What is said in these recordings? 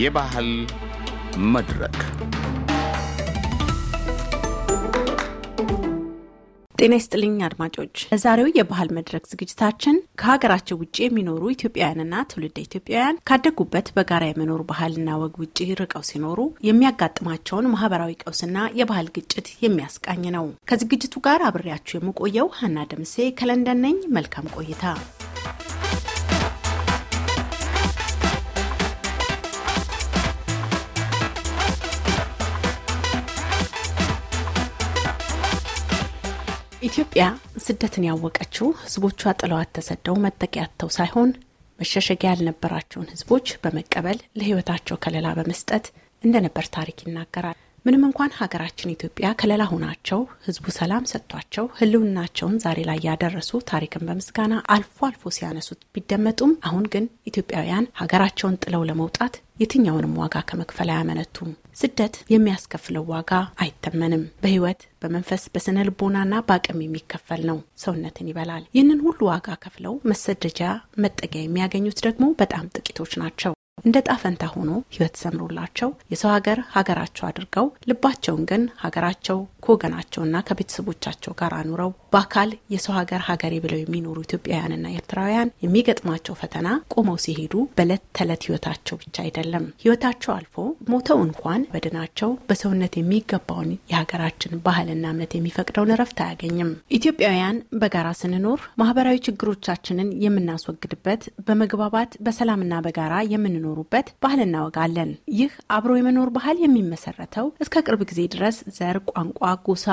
የባህል መድረክ ጤና ይስጥልኝ አድማጮች። ለዛሬው የባህል መድረክ ዝግጅታችን ከሀገራቸው ውጭ የሚኖሩ ኢትዮጵያውያንና ትውልደ ኢትዮጵያውያን ካደጉበት በጋራ የመኖር ባህልና ወግ ውጭ ርቀው ሲኖሩ የሚያጋጥማቸውን ማህበራዊ ቀውስና የባህል ግጭት የሚያስቃኝ ነው። ከዝግጅቱ ጋር አብሬያችሁ የምቆየው ሀና ደምሴ ከለንደን ነኝ። መልካም ቆይታ። ኢትዮጵያ ስደትን ያወቀችው ህዝቦቿ ጥለዋት ተሰደው መጠጊያ አጥተው ሳይሆን መሸሸጊያ ያልነበራቸውን ህዝቦች በመቀበል ለህይወታቸው ከለላ በመስጠት እንደነበር ታሪክ ይናገራል። ምንም እንኳን ሀገራችን ኢትዮጵያ ከለላ ሆናቸው ህዝቡ ሰላም ሰጥቷቸው ህልውናቸውን ዛሬ ላይ ያደረሱ ታሪክን በምስጋና አልፎ አልፎ ሲያነሱት ቢደመጡም አሁን ግን ኢትዮጵያውያን ሀገራቸውን ጥለው ለመውጣት የትኛውንም ዋጋ ከመክፈል አያመነቱም። ስደት የሚያስከፍለው ዋጋ አይተመንም። በህይወት፣ በመንፈስ፣ በስነ ልቦናና በአቅም የሚከፈል ነው። ሰውነትን ይበላል። ይህንን ሁሉ ዋጋ ከፍለው መሰደጃ መጠጊያ የሚያገኙት ደግሞ በጣም ጥቂቶች ናቸው። እንደ ጣፈንታ ሆኖ ህይወት ሰምሮላቸው የሰው ሀገር ሀገራቸው አድርገው ልባቸውን ግን ሀገራቸው ከወገናቸውና ከቤተሰቦቻቸው ጋር አኑረው በአካል የሰው ሀገር ሀገሬ ብለው የሚኖሩ ኢትዮጵያውያንና ኤርትራውያን የሚገጥማቸው ፈተና ቆመው ሲሄዱ በዕለት ተዕለት ህይወታቸው ብቻ አይደለም። ህይወታቸው አልፎ ሞተው እንኳን በድናቸው በሰውነት የሚገባውን የሀገራችን ባህልና እምነት የሚፈቅደውን እረፍት አያገኝም። ኢትዮጵያውያን በጋራ ስንኖር ማህበራዊ ችግሮቻችንን የምናስወግድበት በመግባባት በሰላምና በጋራ የምንኖር የሚኖሩበት ባህል እናወጋለን። ይህ አብሮ የመኖር ባህል የሚመሰረተው እስከ ቅርብ ጊዜ ድረስ ዘር፣ ቋንቋ፣ ጎሳ፣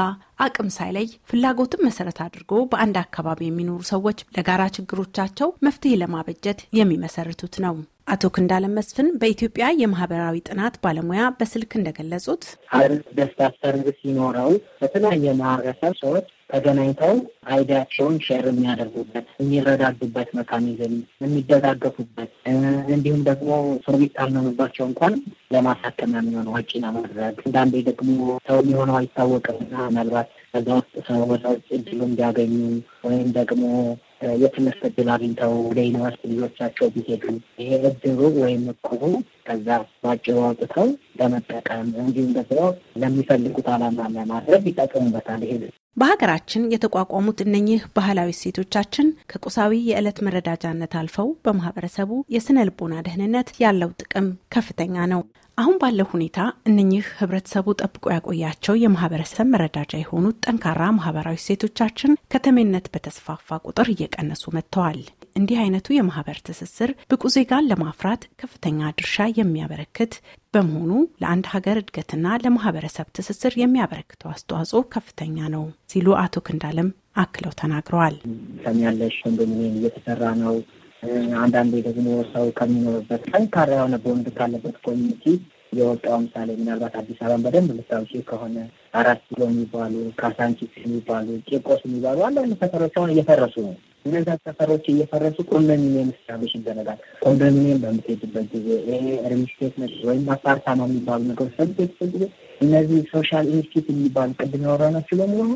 አቅም ሳይለይ ፍላጎትን መሰረት አድርጎ በአንድ አካባቢ የሚኖሩ ሰዎች ለጋራ ችግሮቻቸው መፍትሄ ለማበጀት የሚመሰርቱት ነው። አቶ ክንዳለም መስፍን በኢትዮጵያ የማህበራዊ ጥናት ባለሙያ በስልክ እንደገለጹት ሀይል ደስታ ሰርቪስ ሲኖረው በተለያየ ማህበረሰብ ሰዎች ተገናኝተው አይዲያቸውን ሼር የሚያደርጉበት የሚረዳዱበት መካኒዝም የሚደጋገፉበት እንዲሁም ደግሞ እስር ቤት እንኳን ለማሳከም የሚሆነ ወጪ ለማድረግ አንዳንዴ ደግሞ ሰው የሚሆነው አይታወቅም አይታወቅምና ምናልባት ከዛ ውስጥ ሰው ወደ ውጭ እድሉ እንዲያገኙ ወይም ደግሞ የትምህርት እድል አግኝተው ወደ ዩኒቨርስቲ ልጆቻቸው ቢሄዱ ይሄ እድሩ ወይም እቁቡ ከዛ ባጭሩ አውጥተው ለመጠቀም እንዲሁም ደግሞ ለሚፈልጉት አላማ ለማድረግ ይጠቀሙበታል። ይሄ በሀገራችን የተቋቋሙት እነኚህ ባህላዊ እሴቶቻችን ከቁሳዊ የዕለት መረዳጃነት አልፈው በማህበረሰቡ የስነ ልቦና ደህንነት ያለው ጥቅም ከፍተኛ ነው። አሁን ባለው ሁኔታ እነኚህ ህብረተሰቡ ጠብቆ ያቆያቸው የማህበረሰብ መረዳጃ የሆኑት ጠንካራ ማህበራዊ እሴቶቻችን ከተሜነት በተስፋፋ ቁጥር እየቀነሱ መጥተዋል። እንዲህ አይነቱ የማህበር ትስስር ብቁ ዜጋን ለማፍራት ከፍተኛ ድርሻ የሚያበረክት በመሆኑ ለአንድ ሀገር እድገትና ለማህበረሰብ ትስስር የሚያበረክተው አስተዋጽኦ ከፍተኛ ነው ሲሉ አቶ ክንዳለም አክለው ተናግረዋል። ሰሚያለሽ ኮንዶሚኒየም እየተሰራ ነው። አንዳንዴ ደግሞ ሰው ከሚኖርበት ጠንካራ የሆነ ቦንድ ካለበት ኮሚኒቲ የወጣው ምሳሌ ምናልባት አዲስ አበባን በደንብ ልታውሺ ከሆነ አራት ኪሎ የሚባሉ ካሳንቺስ የሚባሉ ቂርቆስ የሚባሉ አንዳንድ ሰፈሮች አሁን እየፈረሱ ነው። እነዛ ሰፈሮች እየፈረሱ ኮንዶሚኒየም ስታብሽ ይደረጋል። ኮንዶሚኒየም በምትሄድበት ጊዜ ይሄ ሪልስቴት ወይም አፓርታማ የሚባሉ ነገሮች በምትሄድበት ጊዜ እነዚህ ሶሻል ኢንስቲት የሚባሉ ቅድም ያወራናቸው በሙሉ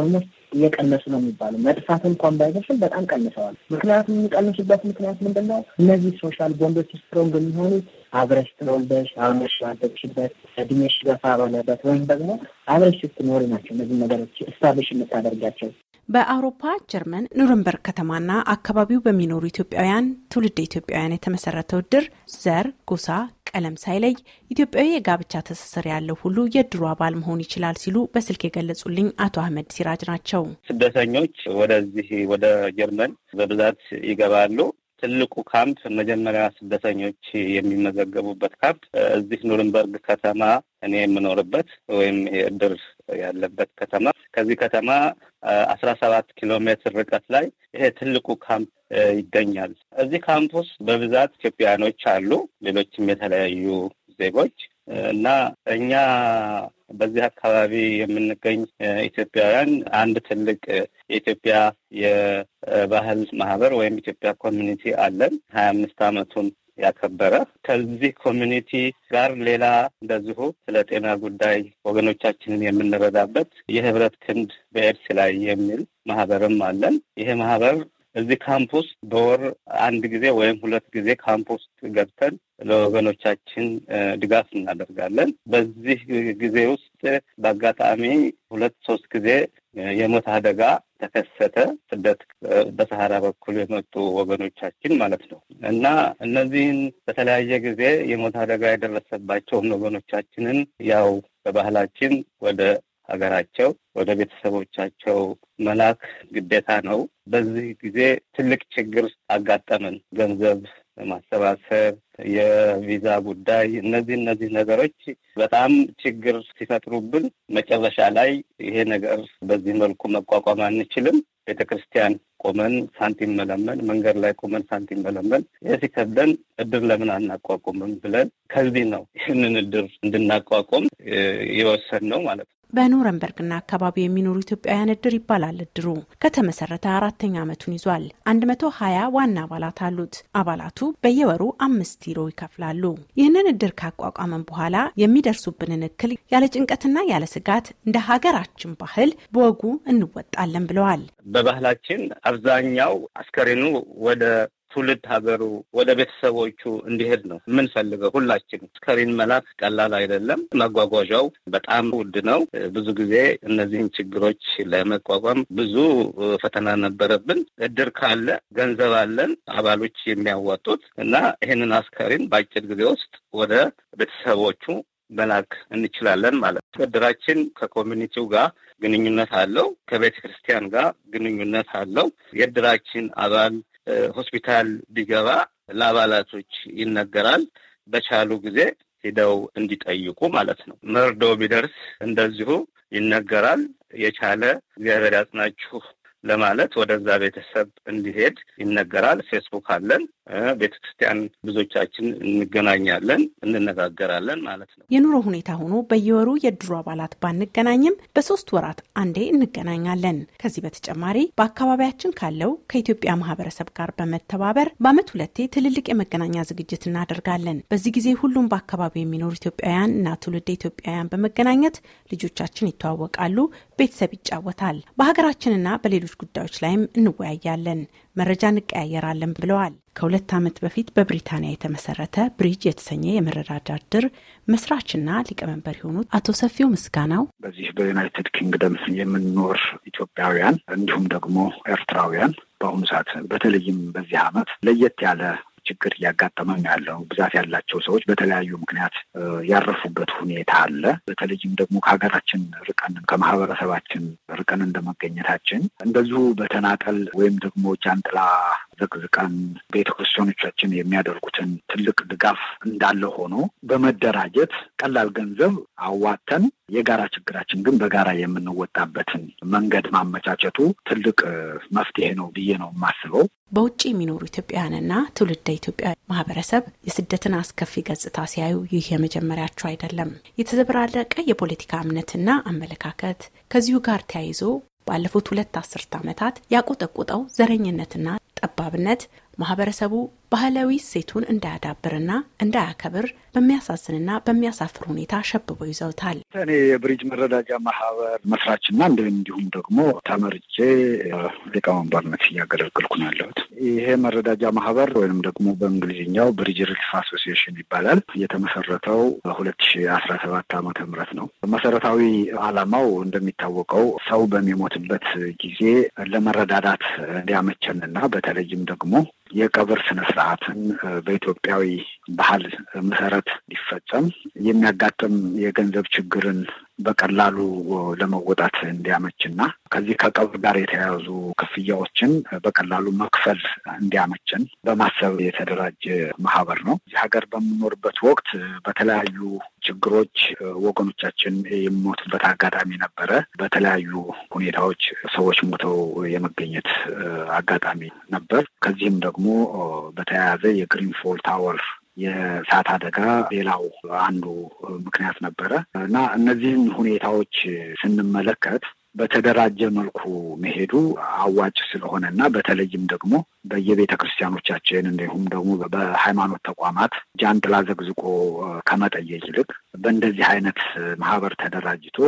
ኦልሞስት እየቀነሱ ነው የሚባሉ መጥፋት እንኳን ባይደርስም በጣም ቀንሰዋል። ምክንያቱም የሚቀንሱበት ምክንያት ምንድን ነው? እነዚህ ሶሻል ቦንዶች ስትሮንግ የሚሆኑት አብረሽ ትወልደሽ አብረሽ ባደግሽበት እድሜሽ ገፋ ባለበት ወይም ደግሞ አብረሽ ስትኖሪ ናቸው። እነዚህ ነገሮች ስታብሽ የምታደርጋቸው በአውሮፓ ጀርመን ከተማ ከተማና አካባቢው በሚኖሩ ኢትዮጵያውያን ትውልድ ኢትዮጵያውያን የተመሰረተው ድር ዘር፣ ጎሳ፣ ቀለም ሳይለይ ኢትዮጵያዊ የጋብቻ ትስስር ያለው ሁሉ የድሮ አባል መሆን ይችላል ሲሉ በስልክ የገለጹልኝ አቶ አህመድ ሲራጅ ናቸው። ስደተኞች ወደዚህ ወደ ጀርመን በብዛት ይገባሉ። ትልቁ ካምፕ መጀመሪያ ስደተኞች የሚመዘገቡበት ካምፕ እዚህ ኑርንበርግ ከተማ እኔ የምኖርበት ወይም የእድር ያለበት ከተማ ከዚህ ከተማ አስራ ሰባት ኪሎ ሜትር ርቀት ላይ ይሄ ትልቁ ካምፕ ይገኛል። እዚህ ካምፕ ውስጥ በብዛት ኢትዮጵያኖች አሉ፣ ሌሎችም የተለያዩ ዜጎች እና እኛ በዚህ አካባቢ የምንገኝ ኢትዮጵያውያን አንድ ትልቅ የኢትዮጵያ የባህል ማህበር ወይም ኢትዮጵያ ኮሚኒቲ አለን ሀያ አምስት አመቱን ያከበረ ከዚህ ኮሚኒቲ ጋር ሌላ እንደዚሁ ስለ ጤና ጉዳይ ወገኖቻችንን የምንረዳበት የህብረት ክንድ በኤድስ ላይ የሚል ማህበርም አለን። ይሄ ማህበር እዚህ ካምፕ ውስጥ በወር አንድ ጊዜ ወይም ሁለት ጊዜ ካምፕ ውስጥ ገብተን ለወገኖቻችን ድጋፍ እናደርጋለን። በዚህ ጊዜ ውስጥ በአጋጣሚ ሁለት ሶስት ጊዜ የሞት አደጋ ተከሰተ። ስደት በሰሃራ በኩል የመጡ ወገኖቻችን ማለት ነው እና እነዚህን በተለያየ ጊዜ የሞት አደጋ የደረሰባቸውን ወገኖቻችንን ያው በባህላችን ወደ ሀገራቸው ወደ ቤተሰቦቻቸው መላክ ግዴታ ነው። በዚህ ጊዜ ትልቅ ችግር አጋጠምን። ገንዘብ ማሰባሰብ፣ የቪዛ ጉዳይ፣ እነዚህ እነዚህ ነገሮች በጣም ችግር ሲፈጥሩብን መጨረሻ ላይ ይሄ ነገር በዚህ መልኩ መቋቋም አንችልም። ቤተ ክርስቲያን ቆመን ሳንቲም መለመን፣ መንገድ ላይ ቆመን ሳንቲም መለመን፣ ይህ ሲከብደን እድር ለምን አናቋቁምም ብለን ከዚህ ነው ይህንን እድር እንድናቋቁም የወሰን ነው ማለት ነው። በኑረንበርግና አካባቢው የሚኖሩ ኢትዮጵያውያን እድር ይባላል። እድሩ ከተመሰረተ አራተኛ ዓመቱን ይዟል። 120 ዋና አባላት አሉት። አባላቱ በየወሩ አምስት ዩሮ ይከፍላሉ። ይህንን እድር ካቋቋመን በኋላ የሚደርሱብንን እክል ያለ ጭንቀትና ያለ ስጋት እንደ ሀገራችን ባህል በወጉ እንወጣለን ብለዋል። በባህላችን አብዛኛው አስከሬኑ ወደ ትውልድ ሀገሩ ወደ ቤተሰቦቹ እንዲሄድ ነው የምንፈልገው። ሁላችን አስከሬን መላክ ቀላል አይደለም። መጓጓዣው በጣም ውድ ነው። ብዙ ጊዜ እነዚህን ችግሮች ለመቋቋም ብዙ ፈተና ነበረብን። እድር ካለ ገንዘብ አለን አባሎች የሚያዋጡት እና ይህንን አስከሬን በአጭር ጊዜ ውስጥ ወደ ቤተሰቦቹ መላክ እንችላለን ማለት ነው። እድራችን ከኮሚኒቲው ጋር ግንኙነት አለው፣ ከቤተ ክርስቲያን ጋር ግንኙነት አለው። የእድራችን አባል ሆስፒታል ቢገባ ለአባላቶች ይነገራል። በቻሉ ጊዜ ሂደው እንዲጠይቁ ማለት ነው። መርዶ ቢደርስ እንደዚሁ ይነገራል። የቻለ እግዚአብሔር ያጽናችሁ ለማለት ወደዛ ቤተሰብ እንዲሄድ ይነገራል። ፌስቡክ አለን፣ ቤተክርስቲያን ብዙዎቻችን እንገናኛለን፣ እንነጋገራለን ማለት ነው። የኑሮ ሁኔታ ሆኖ በየወሩ የድሮ አባላት ባንገናኝም በሶስት ወራት አንዴ እንገናኛለን። ከዚህ በተጨማሪ በአካባቢያችን ካለው ከኢትዮጵያ ማህበረሰብ ጋር በመተባበር በአመት ሁለቴ ትልልቅ የመገናኛ ዝግጅት እናደርጋለን። በዚህ ጊዜ ሁሉም በአካባቢው የሚኖሩ ኢትዮጵያውያን እና ትውልድ ኢትዮጵያውያን በመገናኘት ልጆቻችን ይተዋወቃሉ፣ ቤተሰብ ይጫወታል። በሀገራችንና በሌሎች ጉዳዮች ላይም እንወያያለን፣ መረጃ እንቀያየራለን ብለዋል። ከሁለት ዓመት በፊት በብሪታንያ የተመሰረተ ብሪጅ የተሰኘ የመረዳጃ ድር መስራችና ሊቀመንበር የሆኑት አቶ ሰፊው ምስጋናው በዚህ በዩናይትድ ኪንግደም የምንኖር ኢትዮጵያውያን እንዲሁም ደግሞ ኤርትራውያን በአሁኑ ሰዓት በተለይም በዚህ ዓመት ለየት ያለ ችግር እያጋጠመን ያለው ብዛት ያላቸው ሰዎች በተለያዩ ምክንያት ያረፉበት ሁኔታ አለ። በተለይም ደግሞ ከሀገራችን ርቀን ከማህበረሰባችን ርቀን እንደመገኘታችን እንደዚሁ በተናጠል ወይም ደግሞ ጃንጥላ ዝቅዝቃን ቤተ ክርስቲያኖቻችን የሚያደርጉትን ትልቅ ድጋፍ እንዳለ ሆኖ በመደራጀት ቀላል ገንዘብ አዋተን የጋራ ችግራችን ግን በጋራ የምንወጣበትን መንገድ ማመቻቸቱ ትልቅ መፍትሄ ነው ብዬ ነው የማስበው። በውጭ የሚኖሩ ኢትዮጵያውያንና ትውልደ ኢትዮጵያ ማህበረሰብ የስደትን አስከፊ ገጽታ ሲያዩ ይህ የመጀመሪያቸው አይደለም። የተዘበራለቀ የፖለቲካ እምነትና አመለካከት ከዚሁ ጋር ተያይዞ ባለፉት ሁለት አስርት ዓመታት ያቆጠቁጠው ዘረኝነትና ጠባብነት ማህበረሰቡ ባህላዊ ሴቱን እንዳያዳብርና እንዳያከብር በሚያሳዝንና በሚያሳፍር ሁኔታ ሸብቦ ይዘውታል። እኔ የብሪጅ መረዳጃ ማህበር መስራችና እንዲሁም ደግሞ ተመርጬ ሊቀመንበርነት እያገለገልኩ ነው ያለሁት። ይሄ መረዳጃ ማህበር ወይንም ደግሞ በእንግሊዝኛው ብሪጅ ሪሊፍ አሶሲዬሽን ይባላል። የተመሰረተው በሁለት ሺ አስራ ሰባት ዓመተ ምህረት ነው። መሰረታዊ ዓላማው እንደሚታወቀው ሰው በሚሞትበት ጊዜ ለመረዳዳት እንዲያመቸንና በተለይም ደግሞ የቀብር ስነስ ስርዓትን በኢትዮጵያዊ ባህል መሰረት እንዲፈጸም የሚያጋጥም የገንዘብ ችግርን በቀላሉ ለመወጣት እንዲያመችና ከዚህ ከቀብር ጋር የተያያዙ ክፍያዎችን በቀላሉ መክፈል እንዲያመችን በማሰብ የተደራጀ ማህበር ነው። እዚህ ሀገር በምኖርበት ወቅት በተለያዩ ችግሮች ወገኖቻችን የሚሞቱበት አጋጣሚ ነበረ። በተለያዩ ሁኔታዎች ሰዎች ሞተው የመገኘት አጋጣሚ ነበር። ከዚህም ደግሞ በተያያዘ የግሪንፎል ታወር የእሳት አደጋ ሌላው አንዱ ምክንያት ነበረ እና እነዚህን ሁኔታዎች ስንመለከት በተደራጀ መልኩ መሄዱ አዋጭ ስለሆነ እና በተለይም ደግሞ በየቤተ ክርስቲያኖቻችን እንዲሁም ደግሞ በሃይማኖት ተቋማት ጃንጥላ ዘግዝቆ ከመጠየቅ ይልቅ በእንደዚህ አይነት ማህበር ተደራጅቶ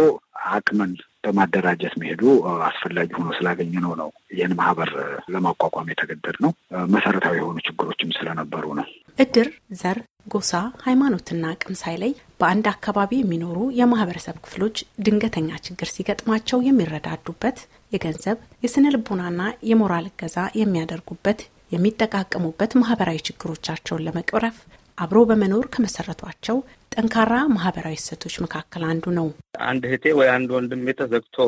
አቅምን በማደራጀት መሄዱ አስፈላጊ ሆኖ ስላገኘ ነው ነው ይህን ማህበር ለማቋቋም የተገደድ ነው። መሰረታዊ የሆኑ ችግሮችም ስለነበሩ ነው። እድር ዘር፣ ጎሳ፣ ሃይማኖትና አቅም ሳይለይ በአንድ አካባቢ የሚኖሩ የማህበረሰብ ክፍሎች ድንገተኛ ችግር ሲገጥማቸው የሚረዳዱበት የገንዘብ የስነ ልቦናና የሞራል እገዛ የሚያደርጉበት የሚጠቃቀሙበት ማህበራዊ ችግሮቻቸውን ለመቅረፍ አብሮ በመኖር ከመሰረቷቸው ጠንካራ ማህበራዊ እሴቶች መካከል አንዱ ነው። አንድ እህቴ ወይ አንድ ወንድሜ ተዘግቶ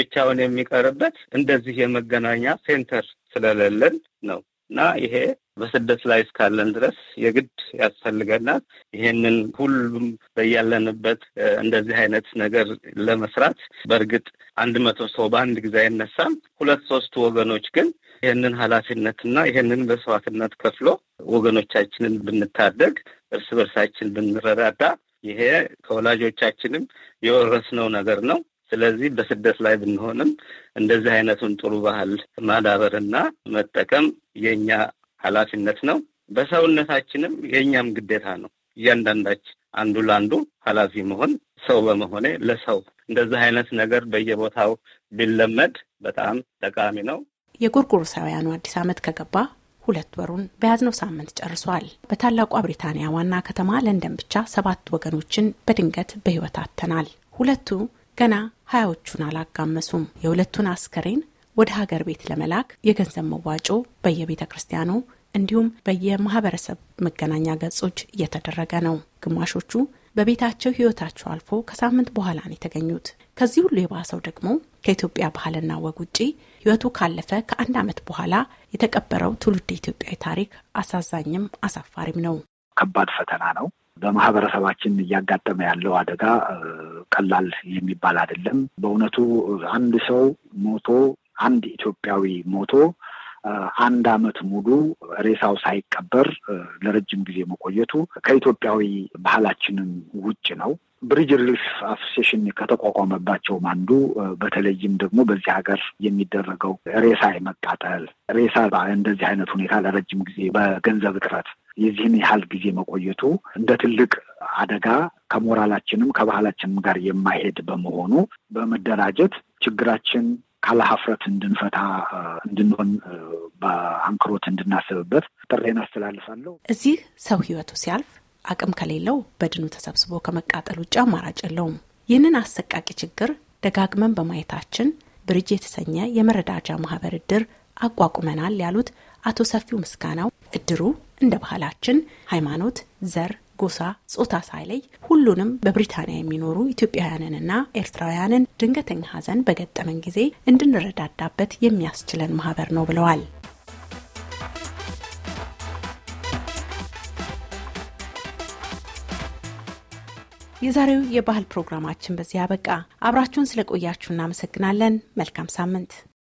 ብቻውን የሚቀርበት እንደዚህ የመገናኛ ሴንተር ስለሌለን ነው። እና ይሄ በስደት ላይ እስካለን ድረስ የግድ ያስፈልገናል። ይሄንን ሁሉም በያለንበት እንደዚህ አይነት ነገር ለመስራት በእርግጥ አንድ መቶ ሰው በአንድ ጊዜ አይነሳም። ሁለት ሶስቱ ወገኖች ግን ይህንን ኃላፊነትና ይህንን መስዋዕትነት ከፍሎ ወገኖቻችንን ብንታደግ፣ እርስ በርሳችን ብንረዳዳ ይሄ ከወላጆቻችንም የወረስነው ነገር ነው። ስለዚህ በስደት ላይ ብንሆንም እንደዚህ አይነቱን ጥሩ ባህል ማዳበርና መጠቀም የእኛ ኃላፊነት ነው። በሰውነታችንም የእኛም ግዴታ ነው። እያንዳንዳችን አንዱ ለአንዱ ኃላፊ መሆን ሰው በመሆኔ ለሰው እንደዚህ አይነት ነገር በየቦታው ቢለመድ በጣም ጠቃሚ ነው። የጎርጎሮሳውያኑ አዲስ ዓመት ከገባ ሁለት ወሩን በያዝነው ሳምንት ጨርሷል። በታላቋ ብሪታንያ ዋና ከተማ ለንደን ብቻ ሰባት ወገኖችን በድንገት በሕይወት አጥተናል። ሁለቱ ገና ሀያዎቹን አላጋመሱም። የሁለቱን አስከሬን ወደ ሀገር ቤት ለመላክ የገንዘብ መዋጮ በየቤተ ክርስቲያኑ እንዲሁም በየማህበረሰብ መገናኛ ገጾች እየተደረገ ነው። ግማሾቹ በቤታቸው ህይወታቸው አልፎ ከሳምንት በኋላ ነው የተገኙት። ከዚህ ሁሉ የባሰው ደግሞ ከኢትዮጵያ ባህልና ወግ ውጪ ህይወቱ ካለፈ ከአንድ ዓመት በኋላ የተቀበረው ትውልድ ኢትዮጵያዊ ታሪክ አሳዛኝም አሳፋሪም ነው። ከባድ ፈተና ነው። በማህበረሰባችን እያጋጠመ ያለው አደጋ ቀላል የሚባል አይደለም። በእውነቱ አንድ ሰው ሞቶ አንድ ኢትዮጵያዊ ሞቶ አንድ አመት ሙሉ ሬሳው ሳይቀበር ለረጅም ጊዜ መቆየቱ ከኢትዮጵያዊ ባህላችንም ውጭ ነው። ብሪጅ ሪሊፍ አሶሲሽን ከተቋቋመባቸውም አንዱ በተለይም ደግሞ በዚህ ሀገር የሚደረገው ሬሳ የመቃጠል ሬሳ እንደዚህ አይነት ሁኔታ ለረጅም ጊዜ በገንዘብ እጥረት የዚህን ያህል ጊዜ መቆየቱ እንደ ትልቅ አደጋ ከሞራላችንም ከባህላችንም ጋር የማይሄድ በመሆኑ በመደራጀት ችግራችን ካለሀፍረት እንድንፈታ እንድንሆን በአንክሮት እንድናስብበት ጥሬን አስተላልፋለሁ። እዚህ ሰው ህይወቱ ሲያልፍ አቅም ከሌለው በድኑ ተሰብስቦ ከመቃጠል ውጭ አማራጭ የለውም። ይህንን አሰቃቂ ችግር ደጋግመን በማየታችን ብርጅ የተሰኘ የመረዳጃ ማህበር እድር አቋቁመናል ያሉት አቶ ሰፊው ምስጋናው እድሩ እንደ ባህላችን ሃይማኖት፣ ዘር፣ ጎሳ፣ ጾታ ሳይለይ ሁሉንም በብሪታንያ የሚኖሩ ኢትዮጵያውያንንና ኤርትራውያንን ድንገተኛ ሀዘን በገጠመን ጊዜ እንድንረዳዳበት የሚያስችለን ማህበር ነው ብለዋል። የዛሬው የባህል ፕሮግራማችን በዚህ አበቃ። አብራችሁን ስለቆያችሁ እናመሰግናለን። መልካም ሳምንት።